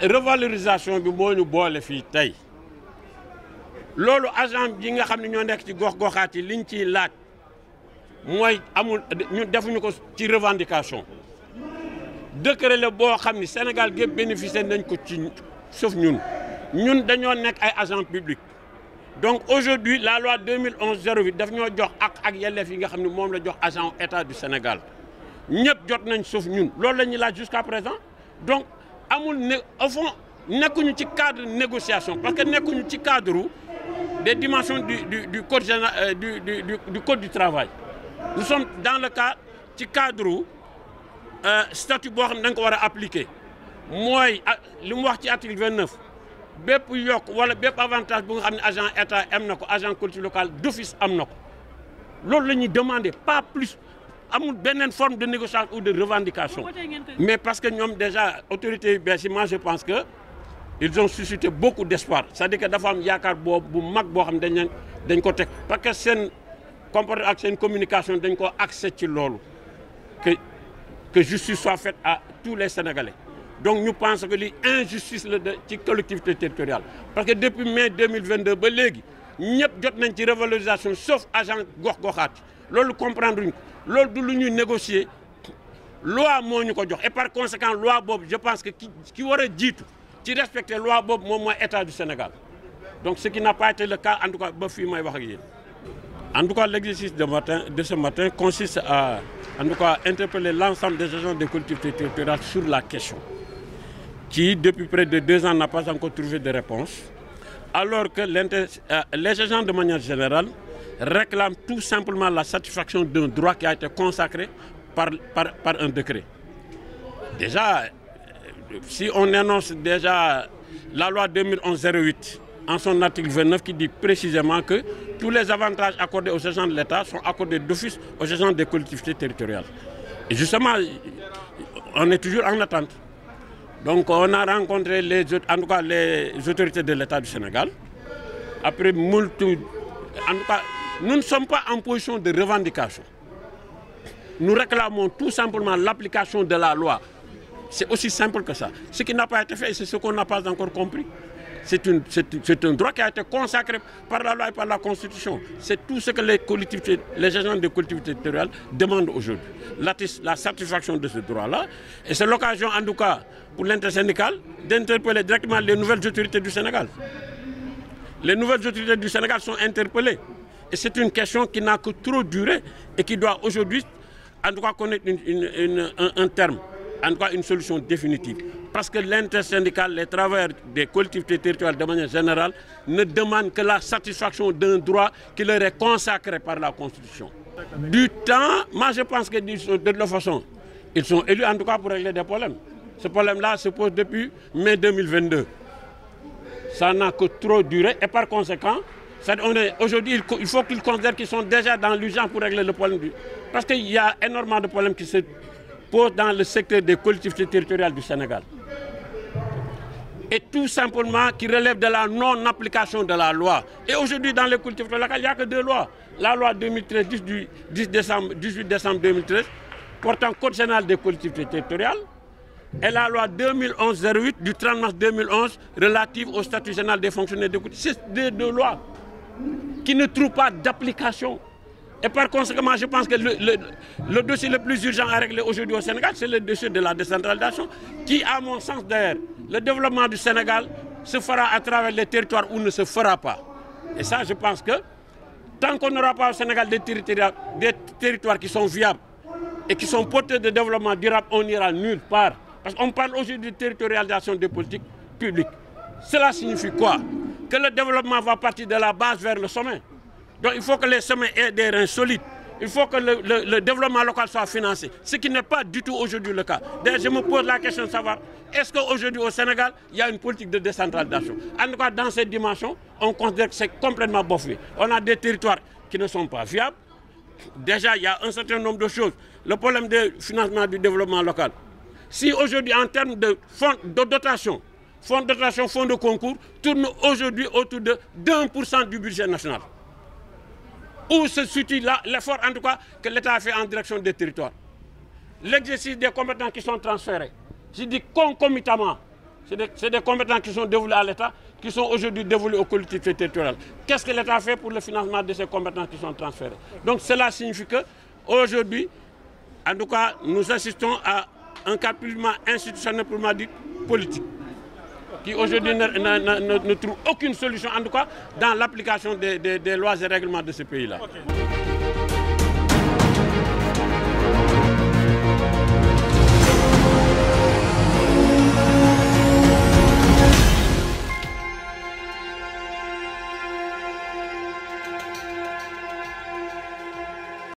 revalorisation bi moo ñu boole fii tey agent yi nga xamni ne ñoo nekk ci gox goxati liñ nous laaj moy amul ñu defuñu ko ci revendication décret le bo xamni Sénégal gépp bénéficier nañ ko ci sauf ñun ñun dañoo nek ay agent public donc aujourd'hui la loi 2011 08 daf ñoo jox ak ak yelleef yi nga xamni mom la jox agent état du Sénégal ñëpp jot nañ sauf ñun lolu lañu ñuy laaj jusqu'à présent donc amul ne au fond nous ci cadre négociation parce que nous ci cadre des dimensions du du du code euh, du code du travail nous sommes dans le cadre ci cadre euh, statut boo xam ne appliquer Moi, je suis wax ci 29 Je yokk wala bépp avantage bu agent état am agent culture locale d'office am Ce ko loolu la pas plus a une forme de négociation ou de revendication mais parce que nous avons déjà autorité je pense que ils ont suscité beaucoup d'espoir c'est-à-dire que dafa am yakar bo bu mag bo xam dañ parce que communication dañ ko accès ci que que justice soit faite à tous les Sénégalais donc nous pensons que l'injustice injustice de ci collectivité territoriale parce que depuis mai 2022 ba n'y a jot nañ ci sauf agent gokh loolu comprendre ñu négocier loi et par conséquent loi Bob, je pense que qui qui aurait dit, jiitu ci respecter loi bob moi moi état du Sénégal donc ce qui n'a pas été le cas en tout cas en tout cas l'exercice de ce matin consiste à en cas interpeller l'ensemble des agents de culture territoriale sur la question qui depuis près de deux ans n'a pas encore trouvé de réponse alors que euh, les agents de manière générale réclame tout simplement la satisfaction d'un droit qui a été consacré par, par, un décret. Déjà, si on énonce déjà la loi 2011-08 en son article 29 qui dit précisément que tous les avantages accordés aux agents de l'État sont accordés d'office aux agents des collectivités territoriales. Et justement, on est toujours en attente. Donc on a rencontré les, en tout cas les autorités de l'État du Sénégal. Après multiple en tout cas nous ne sommes pas en position de revendication. Nous réclamons tout simplement l'application de la loi. C'est aussi simple que ça. Ce qui n'a pas été fait, c'est ce qu'on n'a pas encore compris. C'est un droit qui a été consacré par la loi et par la Constitution. C'est tout ce que les collectivités, les agents de collectivités territoriales demandent aujourd'hui. La, la, satisfaction de ce droit-là. Et c'est l'occasion, en tout cas, pour l'intersyndical, d'interpeller directement les nouvelles autorités du Sénégal. Les nouvelles autorités du Sénégal sont interpellées c'est une question qui n'a que trop duré et qui doit aujourd'hui, en tout cas, connaître un, terme, en tout cas une solution définitive. Parce que syndical, les travailleurs des collectivités territoriales de manière générale, ne demandent que la satisfaction d'un droit qui leur est consacré par la Constitution. Du temps, moi je pense que de toute façon, ils sont élus en tout cas pour régler des problèmes. Ce problème-là se pose depuis mai 2022. Ça n'a que trop duré et par conséquent, Aujourd'hui, il faut qu'ils considèrent qu'ils sont déjà dans l'urgence pour régler le problème. Parce qu'il y a énormément de problèmes qui se posent dans le secteur des collectivités territoriales du Sénégal. Et tout simplement qui relève de la non-application de la loi. Et aujourd'hui, dans les collectivités locales, il n'y a que deux lois. La loi 2013 du 18 décembre 2013 portant Code général des collectivités territoriales et la loi 2011-08 du 30 mars 2011 relative au statut général des fonctionnaires de C'est deux lois qui ne trouve pas d'application. Et par conséquent, je pense que le, dossier le plus urgent à régler aujourd'hui au Sénégal, c'est le dossier de la décentralisation, qui, à mon sens d'ailleurs, le développement du Sénégal se fera à travers les territoires où ne se fera pas. Et ça, je pense que tant qu'on n'aura pas au Sénégal des territoires, des territoires qui sont viables et qui sont porteurs de développement durable, on n'ira nulle part. Parce qu'on parle aujourd'hui de territorialisation des politiques publiques. Cela signifie quoi que le développement va partir de la base vers le sommet. Donc il faut que les sommets aient des reins solides. Il faut que le, développement local soit financé, ce qui n'est pas du tout aujourd'hui le cas. je me pose la question de savoir, est-ce qu'aujourd'hui au Sénégal, il y a une politique de décentralisation En tout cas, dans cette dimension, on considère que c'est complètement fait On a des territoires qui ne sont pas viables. Déjà, il y a un certain nombre de choses. Le problème du financement du développement local. Si aujourd'hui, en termes de fonds de dotation, fonds de fonds de concours tourne aujourd'hui autour de 1% du budget national. Où se situe l'effort en tout cas que l'État a fait en direction des territoires L'exercice des compétences qui sont transférées, je dis concomitamment, c'est des, combattants compétences qui sont dévolues à l'État, qui sont aujourd'hui dévolues aux collectivités territoriales. Qu'est-ce que l'État fait pour le financement de ces compétences qui sont transférées Donc cela signifie qu'aujourd'hui, en tout cas, nous assistons à un capulement institutionnel pour ma politique qui aujourd'hui ne, trouve aucune solution, en tout cas dans l'application des, lois et règlements de ce pays-là.